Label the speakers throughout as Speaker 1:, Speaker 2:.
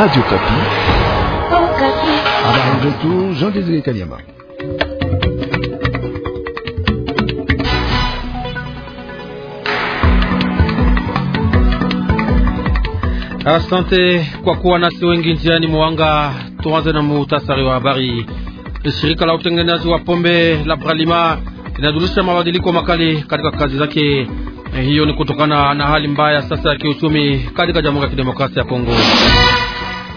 Speaker 1: Radio Kapi. Oh, Kapi. Habari zetu Jean Desire Kanyama.
Speaker 2: Asante kwa kuwa nasi wengi njiani mwanga. Tuanze na muhtasari wa habari. Shirika la utengenezaji wa pombe la Bralima linadulisha mabadiliko makali katika kazi zake. Eh, hiyo ni kutokana na hali mbaya sasa ya kiuchumi katika Jamhuri ya Kidemokrasia ya Kongo.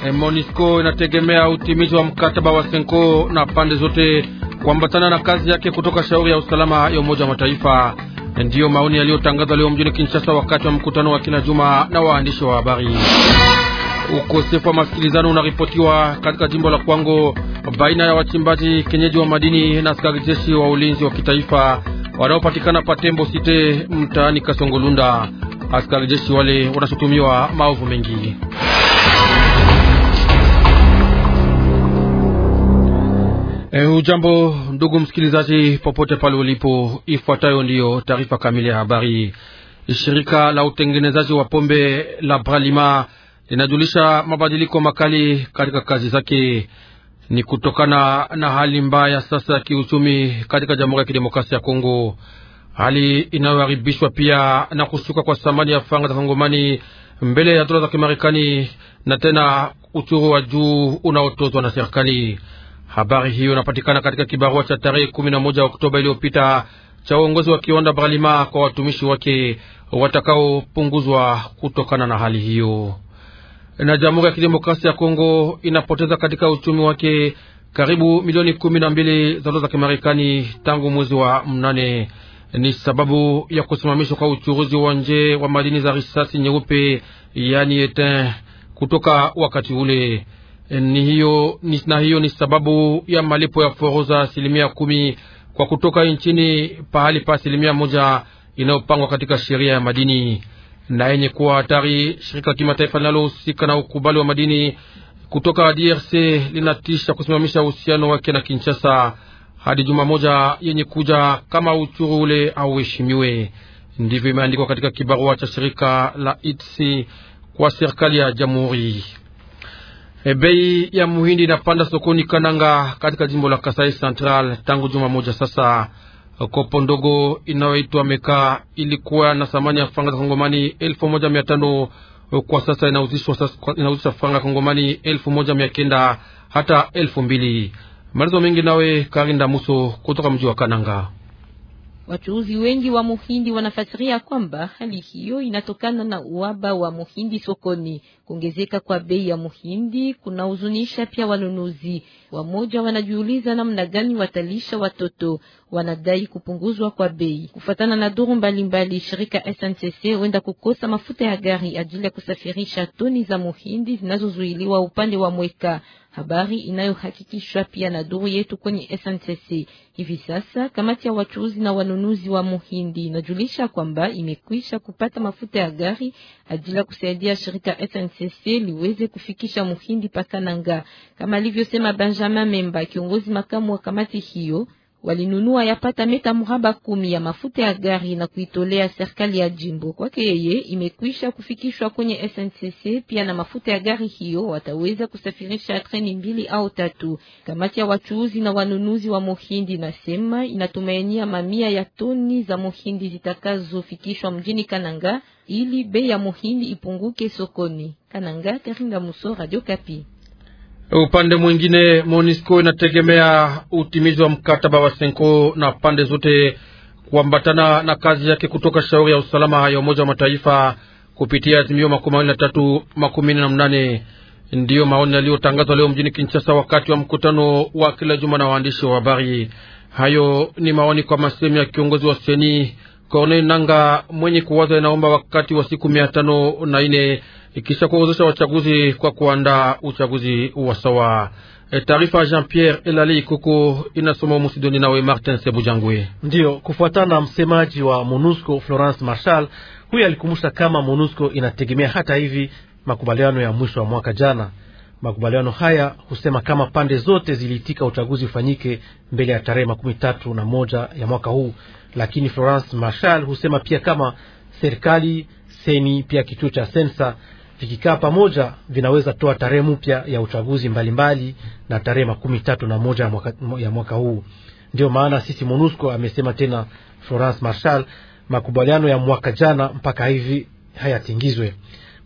Speaker 2: Eh, Monisco inategemea utimizi wa mkataba wa Senko na pande zote kuambatana na kazi yake kutoka shauri ya usalama ya Umoja wa Mataifa. Eh, ndiyo maoni yaliyotangazwa leo mjini Kinshasa wakati wa mkutano wa kila juma na waandishi wa habari. Ukosefu wa masikilizano unaripotiwa katika jimbo la Kwango baina ya wachimbaji kenyeji wa madini na askari jeshi wa ulinzi wa kitaifa wanaopatikana Patembo Site mtaani Kasongolunda. Askari jeshi wale wanashutumiwa maovu mengi. E, eh, ujambo ndugu msikilizaji, popote pale ulipo, ifuatayo ndiyo taarifa kamili ya habari. Shirika la utengenezaji wa pombe la Bralima linajulisha mabadiliko makali katika kazi zake, ni kutokana na hali mbaya sasa ya kiuchumi katika Jamhuri ya Kidemokrasia ya Kongo, hali inayoharibishwa pia na kushuka kwa thamani ya faranga za Kongomani mbele ya dola za Kimarekani na tena uchuru wa juu unaotozwa na serikali. Habari hiyo inapatikana katika kibarua cha tarehe 11 Oktoba iliyopita cha uongozi wa kiwanda Bralima kwa watumishi wake watakaopunguzwa kutokana na hali hiyo. Na Jamhuri ya Kidemokrasia ya Kongo inapoteza katika uchumi wake karibu milioni kumi na mbili za dola za Kimarekani tangu mwezi wa mnane. Ni sababu ya kusimamishwa kwa uchuruzi wa nje wa madini za risasi nyeupe, yani etin, kutoka wakati ule Eh, ni hiyo, ni, na hiyo ni sababu ya malipo ya foroza asilimia kumi kwa kutoka nchini pahali pa asilimia moja inayopangwa katika sheria ya madini na yenye kuwa hatari. Shirika la kimataifa linalohusika na ukubali wa madini kutoka DRC linatisha kusimamisha uhusiano wake na Kinshasa hadi juma moja yenye kuja, kama uchuru ule auheshimiwe. Ndivyo imeandikwa katika kibarua cha shirika la ITSI kwa serikali ya jamhuri. E, bei ya muhindi inapanda sokoni Kananga katika jimbo la Kasai Central tangu juma moja sasa. Kopo ndogo inayoitwa Meka ilikuwa na thamani ya franga za Kongomani elfu moja mia tano kwa sasa inauzishwa franga Kongomani elfu moja mia kenda hata elfu mbili. Maelezo mengi nawe Karinda Muso kutoka mji wa Kananga.
Speaker 3: Wachuuzi wengi wa muhindi wanafasiria kwamba hali hiyo inatokana na uhaba wa muhindi sokoni. Kuongezeka kwa bei ya muhindi kunahuzunisha pia wanunuzi. Wamoja wanajiuliza namna gani watalisha watoto, wanadai kupunguzwa kwa bei. Kufatana na duru mbalimbali, shirika SNCC huenda kukosa mafuta ya gari ajili ya kusafirisha toni za muhindi zinazozuiliwa upande wa Mweka habari inayohakikishwa pia na duru yetu kwenye SNCC. Hivi sasa kamati ya wachuuzi na wanunuzi wa muhindi inajulisha kwamba imekwisha kupata mafuta ya gari ajili ya kusaidia shirika SNCC liweze kufikisha muhindi pakananga, kama alivyosema Benjamin Memba, kiongozi makamu wa kamati hiyo walinunua yapata meta mraba kumi ya mafuta ya gari na kuitolea serikali ya jimbo. Kwake yeye imekwisha kufikishwa kwenye SNCC. Pia na mafuta ya gari hiyo wataweza kusafirisha treni mbili au tatu. Kamati ya wachuuzi na wanunuzi wa muhindi nasema inatumainia mamia ya toni za muhindi zitakazofikishwa mjini Kananga ili bei ya muhindi ipunguke sokoni. Kananga, Karinga Muso, Radio Kapi.
Speaker 2: Upande mwingine, monisco inategemea utimizi wa mkataba wa Senko na pande zote kuambatana na kazi yake kutoka shauri ya usalama ya Umoja wa Mataifa kupitia azimio makumi mawili na tatu makumi nne na mnane. Ndiyo maoni yaliyotangazwa leo mjini Kinshasa wakati wa mkutano wa kila juma na waandishi wa habari. Hayo ni maoni kwa masemi ya kiongozi wa seni Corne Nanga mwenye kuwaza inaomba wakati wa siku mia tano na ine ikisha kuorozesha wachaguzi kwa kuandaa uchaguzi wa sawa. E, taarifa Jean Pierre Elali Kuku inasoma Musidoni nawe Martin Sebujangwe.
Speaker 4: Ndiyo, kufuatana na msemaji wa MONUSCO Florence Marshal, huyo alikumbusha kama MONUSCO inategemea hata hivi makubaliano ya mwisho wa mwaka jana Makubaliano haya husema kama pande zote ziliitika uchaguzi ufanyike mbele ya tarehe makumi tatu na moja ya mwaka huu, lakini Florence Marshal husema pia kama serikali seni pia kituo cha sensa vikikaa pamoja vinaweza toa tarehe mpya ya uchaguzi mbalimbali mbali, na tarehe makumi tatu na moja ya mwaka, ya mwaka huu. Ndiyo maana sisi MONUSCO, amesema tena Florence Marshal, makubaliano ya mwaka jana mpaka hivi hayatingizwe.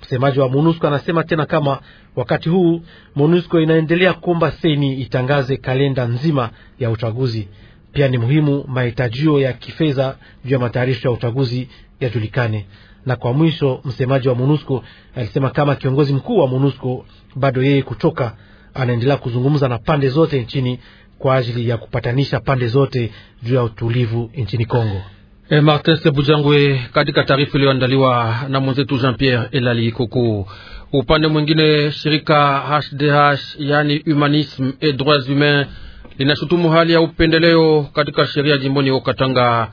Speaker 4: Msemaji wa MONUSCO anasema tena kama wakati huu MONUSCO inaendelea kuomba seni itangaze kalenda nzima ya uchaguzi. Pia ni muhimu mahitajio ya kifedha juu ya matayarisho ya uchaguzi yajulikane. Na kwa mwisho, msemaji wa MONUSCO alisema kama kiongozi mkuu wa MONUSCO bado yeye kutoka anaendelea kuzungumza na pande zote nchini kwa ajili ya kupatanisha pande zote juu ya utulivu nchini Kongo.
Speaker 2: E, Martin Sebujangwe katika taarifa iliyoandaliwa na mwenzetu Jean Pierre Elali Koko. Upande mwingine, shirika HDH yani Humanism et Droits Humains linashutumu hali ya upendeleo katika sheria jimboni Okatanga.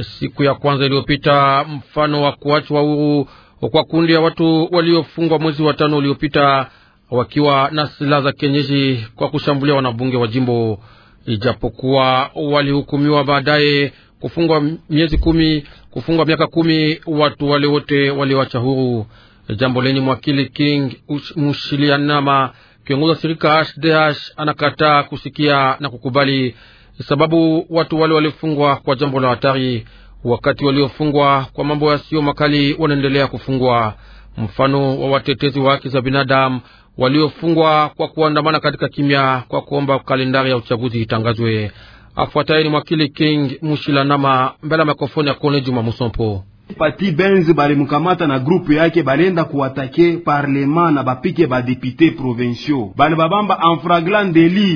Speaker 2: Siku ya kwanza iliyopita, mfano wa kuachwa huru kwa kundi ya watu waliofungwa mwezi wa tano uliopita wakiwa na silaha za kienyeji kwa kushambulia wanabunge wa jimbo, ijapokuwa walihukumiwa baadaye kufungwa miezi kumi, kufungwa miaka kumi watu wale wote waliwacha huru. Jambo lenye mwakili King Mushilianama, kiongozi wa shirika HDH, anakataa kusikia na kukubali sababu watu wale walifungwa kwa jambo la hatari, wakati waliofungwa kwa mambo yasiyo makali wanaendelea kufungwa. Mfano wa watetezi wa haki za binadamu waliofungwa kwa kuandamana katika kimya kwa kuomba kalendari ya uchaguzi itangazwe. Afuatayeni mwakili King Mushilanama mbele ya mikrofoni ya Kone Juma Musompo.
Speaker 5: Pati Benz balimukamata na groupe yake balenda kuatake parlema na bapike badepute provinciaux bali babamba en flagrant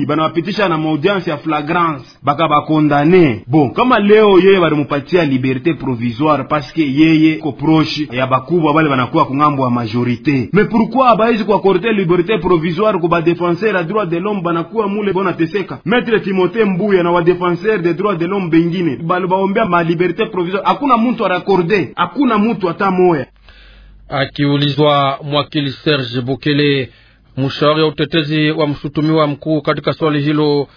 Speaker 5: bana bapitisha na maudiance ya flagrance baka bakondane. Bon, kama leo yeye balimupatia liberté provisoire paske yeye ko proche ya bakubwa bale banakuwa kungambo ya majorité. Mais pourquoi baezi kuakorte liberté provisoire ku badefenseur ya droit de l'homme banakuwa mule bona teseka? Maître Timothée Mbuya na wadefenseur de droit de l'homme bengine balibaombea ma liberté provisoire, akuna muntu
Speaker 2: arakorde Kongole hakuna mutu hata moya. Akiulizwa mwakili Serge bukele mshauri wa utetezi wa mshutumiwa mkuu katika swali hilo,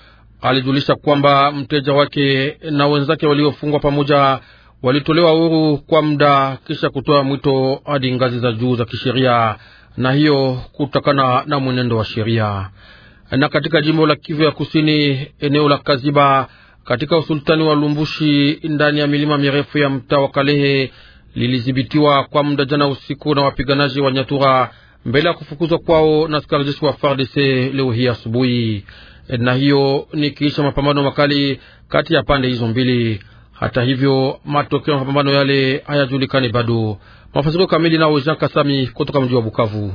Speaker 2: alijulisha kwamba mteja wake na wenzake waliofungwa pamoja walitolewa huru kwa muda kisha kutoa mwito hadi ngazi za juu za kisheria, na hiyo kutokana na mwenendo wa sheria. Na katika jimbo la Kivu ya Kusini, eneo la Kaziba katika usultani wa Lumbushi ndani ya milima mirefu ya mtaa wa Kalehe lilidhibitiwa kwa muda jana usiku na wapiganaji wa Nyatura mbele ya kufukuzwa kwao na askari jeshi wa FARDC leo hii asubuhi, na hiyo ni kiisha mapambano makali kati ya pande hizo mbili. Hata hivyo, matokeo ya mapambano yale hayajulikani bado. Mafasiko kamili nao Jean Kasami kutoka mji wa Bukavu.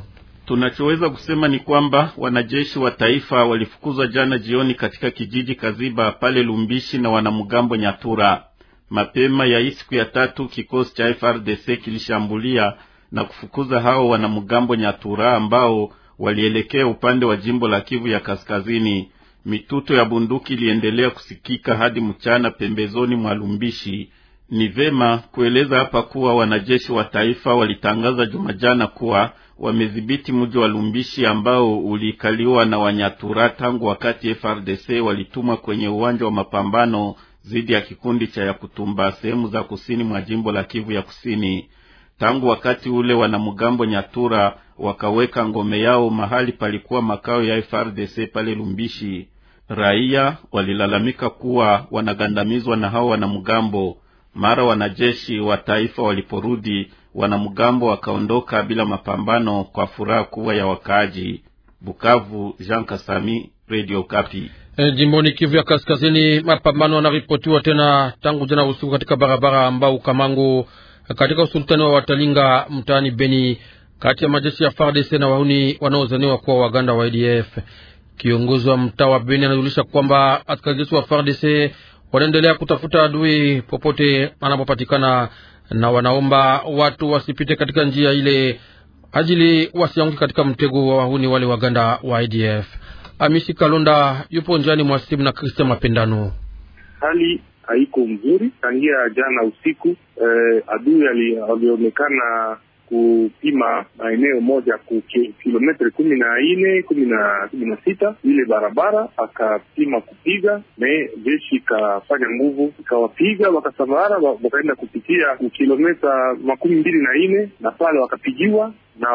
Speaker 5: Tunachoweza kusema ni kwamba wanajeshi wa taifa walifukuzwa jana jioni katika kijiji Kaziba pale Lumbishi na wanamgambo Nyatura. Mapema ya hii siku ya tatu kikosi cha FRDC kilishambulia na kufukuza hao wanamgambo Nyatura ambao walielekea upande wa jimbo la Kivu ya Kaskazini. Mituto ya bunduki iliendelea kusikika hadi mchana pembezoni mwa Lumbishi. Ni vema kueleza hapa kuwa wanajeshi wa taifa walitangaza Jumajana kuwa wamedhibiti mji wa Lumbishi ambao ulikaliwa na Wanyatura tangu wakati FRDC walitumwa kwenye uwanja wa mapambano dhidi ya kikundi cha Yakutumba sehemu za kusini mwa jimbo la Kivu ya Kusini. Tangu wakati ule wanamgambo Nyatura wakaweka ngome yao mahali palikuwa makao ya FRDC pale Lumbishi. Raia walilalamika kuwa wanagandamizwa na hao wanamgambo. Mara wanajeshi wa taifa waliporudi wanamgambo wakaondoka bila mapambano kwa furaha kubwa ya wakaaji. Bukavu, Jean Kasami, Radio Kapi.
Speaker 2: E, jimboni Kivu ya Kaskazini, mapambano yanaripotiwa tena tangu jana usiku katika barabara ambao Kamango katika usultani wa Watalinga mtaani Beni, kati ya majeshi ya FARDC na wahuni wanaozaniwa kuwa waganda wa ADF. Kiongozi wa mtaa wa Beni anajulisha kwamba askari jeshi wa FARDC wanaendelea kutafuta adui popote anapopatikana na wanaomba watu wasipite katika njia ile ajili wasianguke katika mtego wa wahuni wale waganda wa IDF. Amisi Kalonda yupo njiani mwa simu na Kristian Mapendano.
Speaker 5: Hali haiko mzuri tangia jana usiku. Eh,
Speaker 2: adui alionekana kupima maeneo moja ku kilometre kumi na nne kumi na kumi na sita ile barabara, akapima kupiga me jeshi ikafanya nguvu ikawapiga, wakasabara wakaenda kupitia kilometa makumi mbili na nne na pale wakapigiwa na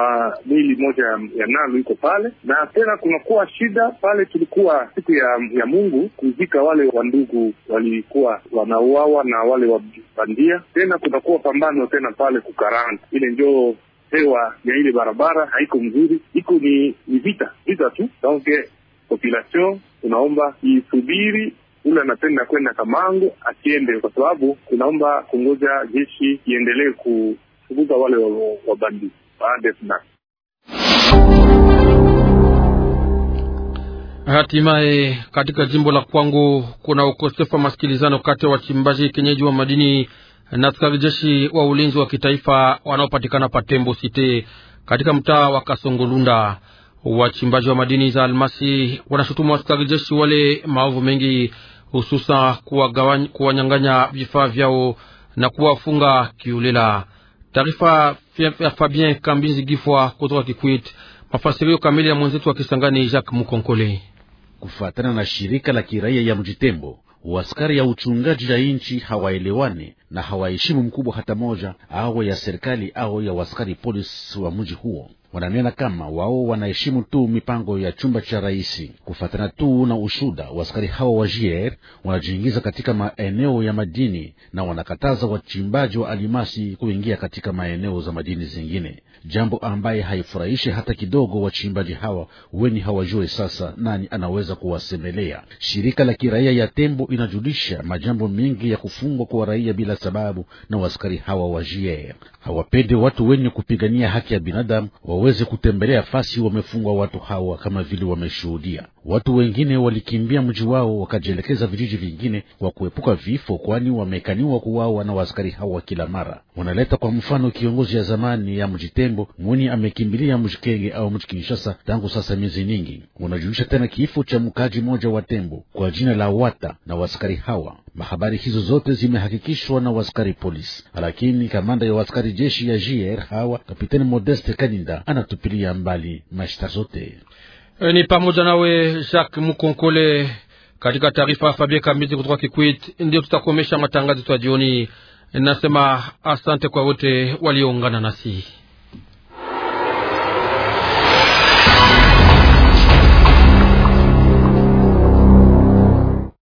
Speaker 2: mili moja ya Nalu iko pale, na tena kunakuwa shida pale. Tulikuwa siku ya, ya Mungu kuzika wale wandugu walikuwa wanauawa na wale wabandia. Tena kunakuwa pambano tena pale Kukaranga, ile njo hewa ya ile barabara haiko mzuri, iko ni ni vita vita tu. Donc population tunaomba isubiri ule anapenda kwenda Kamango asiende, kwa sababu tunaomba kungoja jeshi iendelee kufukuza wale wabandii. Hatimaye katika jimbo la Kwangu kuna ukosefu wa masikilizano kati ya wachimbaji kenyeji wa madini na askari jeshi wa ulinzi wa kitaifa wanaopatikana Patembo Site katika mtaa wa Kasongolunda. Wachimbaji wa madini za almasi wanashutumu askari jeshi wale maovu mengi, hususan kuwanyang'anya vifaa vyao na kuwafunga kiulela. Taarifa ya Fabien Kambizi Gifwa kutoka Kikwit. Mafasirio kamili ya mwenzetu wa Kisangani, Jacques Mukonkole. Kufuatana na shirika la kiraia ya
Speaker 1: Mjitembo, waskari ya uchungaji ya nchi hawaelewane na hawaheshimu mkubwa hata moja, awe ya serikali au ya waskari polisi wa mji huo wananena kama wao wanaheshimu tu mipango ya chumba cha rais. Kufatana tu na ushuda, waskari hawa wa JR wanajiingiza katika maeneo ya madini na wanakataza wachimbaji wa alimasi kuingia katika maeneo za madini zingine, jambo ambaye haifurahishi hata kidogo. Wachimbaji hawa weni hawajue sasa nani anaweza kuwasemelea. Shirika la kiraia ya Tembo inajulisha majambo mengi ya kufungwa kwa raia bila sababu na waskari hawa wa JR. Hawapende watu wenye kupigania haki ya binadamu wa waweze kutembelea fasi wamefungwa watu hawa, kama vile wameshuhudia Watu wengine walikimbia mji wao wakajielekeza vijiji vingine kwa kuepuka vifo, kwani wamekaniwa kuwawa na waaskari hawa kila mara. Wanaleta kwa mfano kiongozi ya zamani ya mji Tembo mwenye amekimbilia mji Kenge au mji Kinshasa tangu sasa miezi nyingi. Wanajulisha tena kifo cha mkaji mmoja wa Tembo kwa jina la Wata na waskari hawa. Mahabari hizo zote zimehakikishwa na waskari polisi, lakini kamanda ya waskari jeshi ya JR hawa Kapitani Modeste Kaninda anatupilia mbali mashtaka zote.
Speaker 2: Euh, ni pamoja nawe Jacques Mukonkole. Katika taarifa Fabie Kambizi kutoka Kikwit, ndio tutakomesha matangazo ya jioni. Nasema asante kwa wote walioungana nasi.